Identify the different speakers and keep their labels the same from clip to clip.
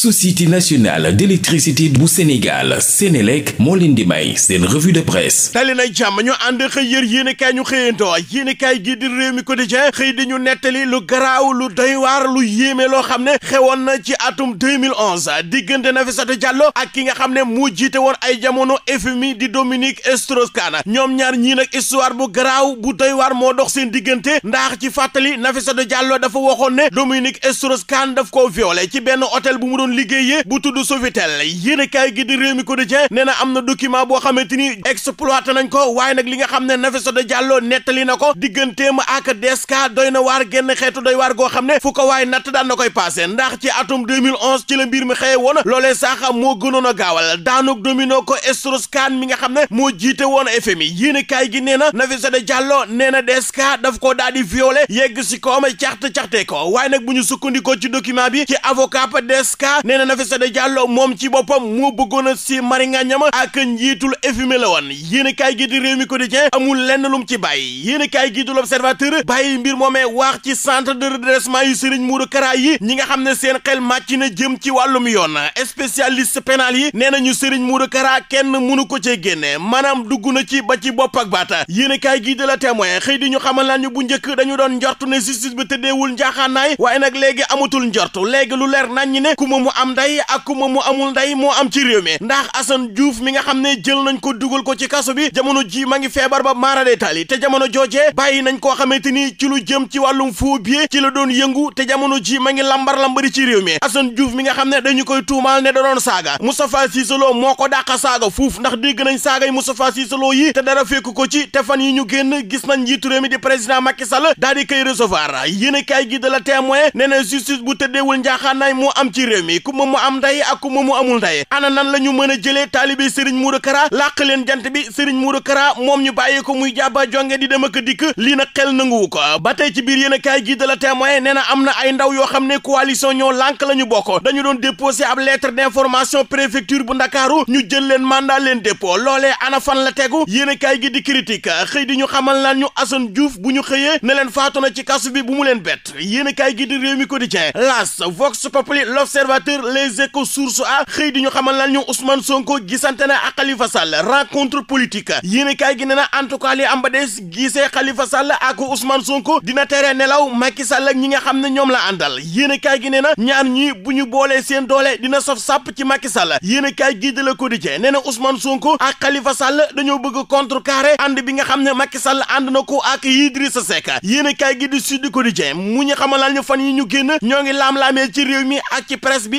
Speaker 1: société nationale d'électricité bu Sénégal Sénélec moo leen di may seen revue de presse dali jàmm ñu ànd xëy yër yéenekaay ñu xëyantoo yéenekaay gi di réew mi quotidien xëy di ñu nettali lu garaaw lu doy waar lu yéeme loo xam ne xewoon na ci atum 2011 diggante Nafissatou Diallo ak ki nga xam ne moo jiite woon ay jamono FMI di Dominique Strauss-Kahn ñoom ñaar ñii nag histoire bu garaaw bu doy waar moo dox seen diggante ndax ci fàttali Nafissatou Diallo dafa waxoon ne Dominique Strauss-Kahn doon liggéeyee bu tudd Sofitel yéen a kaay gi di réew mi quotidien nee na am na document boo xamante ni exploité nañ ko waaye nag li nga xam ne Nafissatou Diallo nettali na ko digganteem ak DSK doy na waar genn xeetu doy waar goo xam ne fu ko waaye natt daan na koy passé ndax ci atum 2011 ci la mbir mi xëye mi nga xam ne moo jiite woon FMI yéen a kaay gi nee na Nafissatou Diallo nee na DSK daf koo daal di violé yegg si koom caxt caxtee ko waaye nag bu ñu sukkandikoo ci document bi ci avocat pa DSK nee na Nafissatou Diallo moom ci boppam moo bëggoon a si Mari Ngagna ak njiitul FMI la woon yéenekaay gi di Rewmi Quotidien amul lenn lu mu ci bàyyi yéenekaay gi di L'Observateur bàyyi mbir moomee wax ci centre de redressement yu Serigne Modou Kara yi ñi nga xam ne seen xel màcc na jëm ci wàllum yoon spécialiste pénal yi nee nañu Serigne Modou Kara kenn mënu ko cee génne maanaam dugg na ci ba ci bopp ak baata yéenekaay gi de La Témoin xëy di ñu xamal laan bu njëkk dañu doon njort ne justice bi tëddeewul njaaxaanaay waaye nag léegi amatul njort léegi lu leer nañ am nday ak ku ma mu amul nday moo am ci réew mi ndax Assane Diouf mi nga xam ne jël nañ ko dugal ko ci kaso bi jamono ji ma ngi feebar ba maaraday taali te jamono joojee bàyyi nañ koo xamante ni ci lu jëm ci wàllum faux billets ci la doon yëngu te jamono jii ma ngi lambar lambari ci réew mi Assane Diouf mi nga xam ne dañu koy tuumaal ne da doon saaga Moustapha Cissé Lo moo ko dàqa saaga fuuf ndax dégg nañ saagay Moustapha Cissé Lo yi te dara feeku ko ci te fan yi ñu génn gis nañ njiitu réew mi di président Macky Sall daal di koy recevoir yéen a kaay gi de la témoin nee na justice bu tëddeewul njaaxaanaay moo am ci réew mi yi ku mu am day ak ku ma mu amul ndey ana nan la ñu mën a jëlee taalibe Serigne Modou Kara làq leen jant bi Serigne Modou Kara moom ñu bàyyi ko muy jàbba jonge di dem ak dikk lii na xel nanguwu ko ba tey ci biir yéen a kaay gi de la témoin nee na am na ay ndaw yoo xam ne coalition ñoo lànk la ñu bokk dañu doon déposé ab lettre d'information préfecture bu Ndakaaru ñu jël leen mandat leen dépôt loole ana fan la tegu yéen a kaay gi di critique xëy di ñu xamal lan ñu Assane Diouf bu ñu xëyee ne leen faatu na ci kasu bi bu mu leen bett yéen a kaay gi di réew mi quotidien las Vox Populi l'Observateur l'observateur les échos source a xëy di ñu xamal lan ñu Ousmane Sonko gisante na a Khalifa Sall rencontre politique yéene kaay gi ne na en tout gisee Khalifa Sall ak Ousmane Sonko dina tere nelaw Macky ñi nga xam ne ñoom la àndal yéene kaay gi ne na ñaar ñi bu ñu boolee seen doole dina saf sàpp ci Macky Sall yéene kaay gi de la Quotidien nee na Ousmane Sonko ak Khalifa Sall dañoo bëgg contrecarrer ànd bi nga xam ne Macky Sall na ko ak Idrissa Seck yéene kaay gi di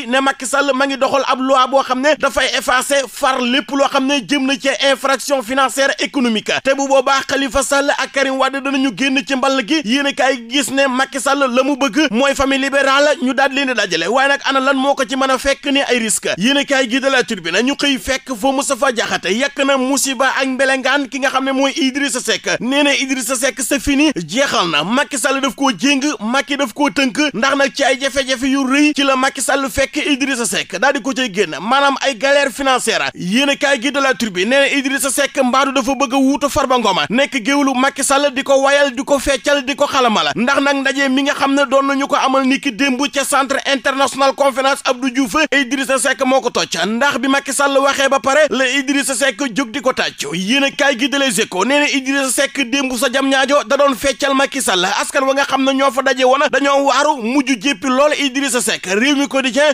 Speaker 1: ne Macky ma ngi doxal ab loi boo xam ne dafay effacer far lépp loo xam ne jëm na ci infraction financière économique te bu boobaa Khalifa Sall ak Karim génn ci mball gi yéen a gis ne Macky Sall la mu bëgg mooy famille libérale ñu daal leen di dajale waaye nag ana lan moo ko ci mën a fekk ni ay risque yéen a kaay gi de la turbine ñu xëy fekk fa Moustapha Diakhaté yàq na musiba ak mbelengaan ki nga xam ne mooy Idrissa Seck nee na Idrissa Seck c'est fini jeexal na Macky Sall daf koo jéng Macky daf lekk Idrissa Seck daal di ko cay génn maanaam ay galère financière yéen a kaay gi de la Tribune nee na Idrissa Seck mbaadu dafa bëgg a wuutu Farba Ngoma nekk géwlu Macky Sall di ko wayal di ko feccal di ko xalamala ndax nag ndaje mi nga xam ne doon nañu ko amal niki démb ca centre international conférence Abdou Diouf Idrissa Seck moo ko tocc ndax bi Macky Sall waxee ba pare la Idrissa Seck jóg di ko tàcc yéen a kaay gi de Les Échos nee na Idrissa Seck sa jam ñaajo da doon feccal Macky Sall askan wa nga xam ne ñoo fa daje woon dañoo waaru mujj jéppi lool Idrissa Seck réew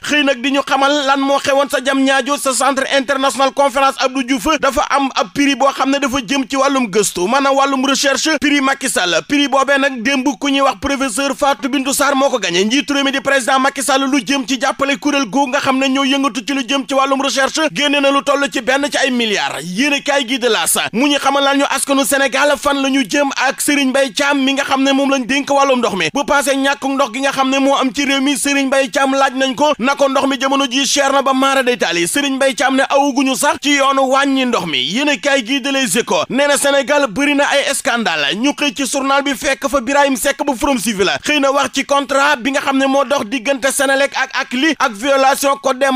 Speaker 1: xëy nag di ñu xamal lan moo xewoon sa jam ñaajo sa centre international conférence Abdou Diouf dafa am ab prix boo xam ne dafa jëm ci wàllum gëstu maanaam wàllum recherche prix Macky Sall prix boobee nag démb ku ñuy wax professeur Fatou bindu saar moo ko gagné njiitu réew mi di président Macky lu jëm ci jàppale kuréel googu nga xam ne ñoo yëngatu ci lu jëm ci wàllum recherche génne na lu toll ci benn ci ay milliards yéene kaay gi de laas mu ñu xamal lan ñu askanu Sénégal fan la ñu jëm ak Serigne Mbaye Thiam mi nga xam ne moom lañ dénk wàllum ndox mi bu passé ñàkk ndox gi nga xam ne moo am ci réew mi Serigne Mbaye Thiam laaj nañ ko na ko ndox mi jamono ji cher na ba maara day taali Serigne Mbaye Thiam ne awuguñu sax ci yoonu wàññi ndox mi yéen a gii de Les Échos nee na Sénégal bëri na ay scandale ñu xëy ci journal bi fekk fa Birahim Seck bu Forum Civil la xëy na wax ci contrat bi nga xam ne moo dox diggante Sénélec ak ak li ak violation code des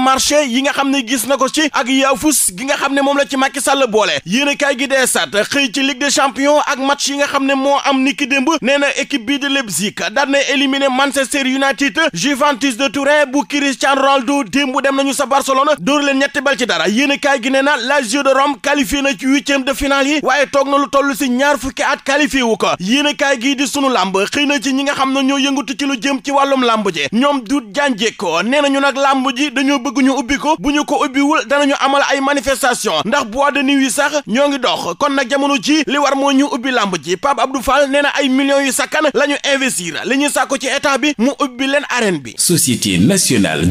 Speaker 1: yi nga xam ne gis na ko ci ak yaafus gi nga xam ne moom la ci Macky Sall boole yéen a gi dee sat xëy ci Ligue des champions ak match yi nga xam ne moo am niki démb nee na équipe bii de Leipzig daan na éliminer Manchester United Juventus de Turin bu Christ Cristiano Ronaldo démb dem nañu sa Barcelone dóor leen ñetti bal ci dara yéen a kaay gi nee na Lazio de Rome qualifié na ci huitième de finale yi waaye toog na lu toll si ñaar fukki at qualifié wu ko yéen a kaay gii di sunu làmb xëy na ci ñi nga xam ne ñoo yëngatu ci lu jëm ci wàllum làmb ji ñoom du jànjeekoo nee nañu nag làmb ji dañoo bëgg ñu ubbi ko bu ñu ko ubbiwul danañu amal ay manifestation ndax bu de nuit yi sax ñoo ngi dox kon nag jamono ji li war moo ñu ubbi làmb ji Pape Abdou Fall nee na ay millions yu sakkan la ñu investir li ñu sàkko ci état bi mu ubbi leen arène bi société nationale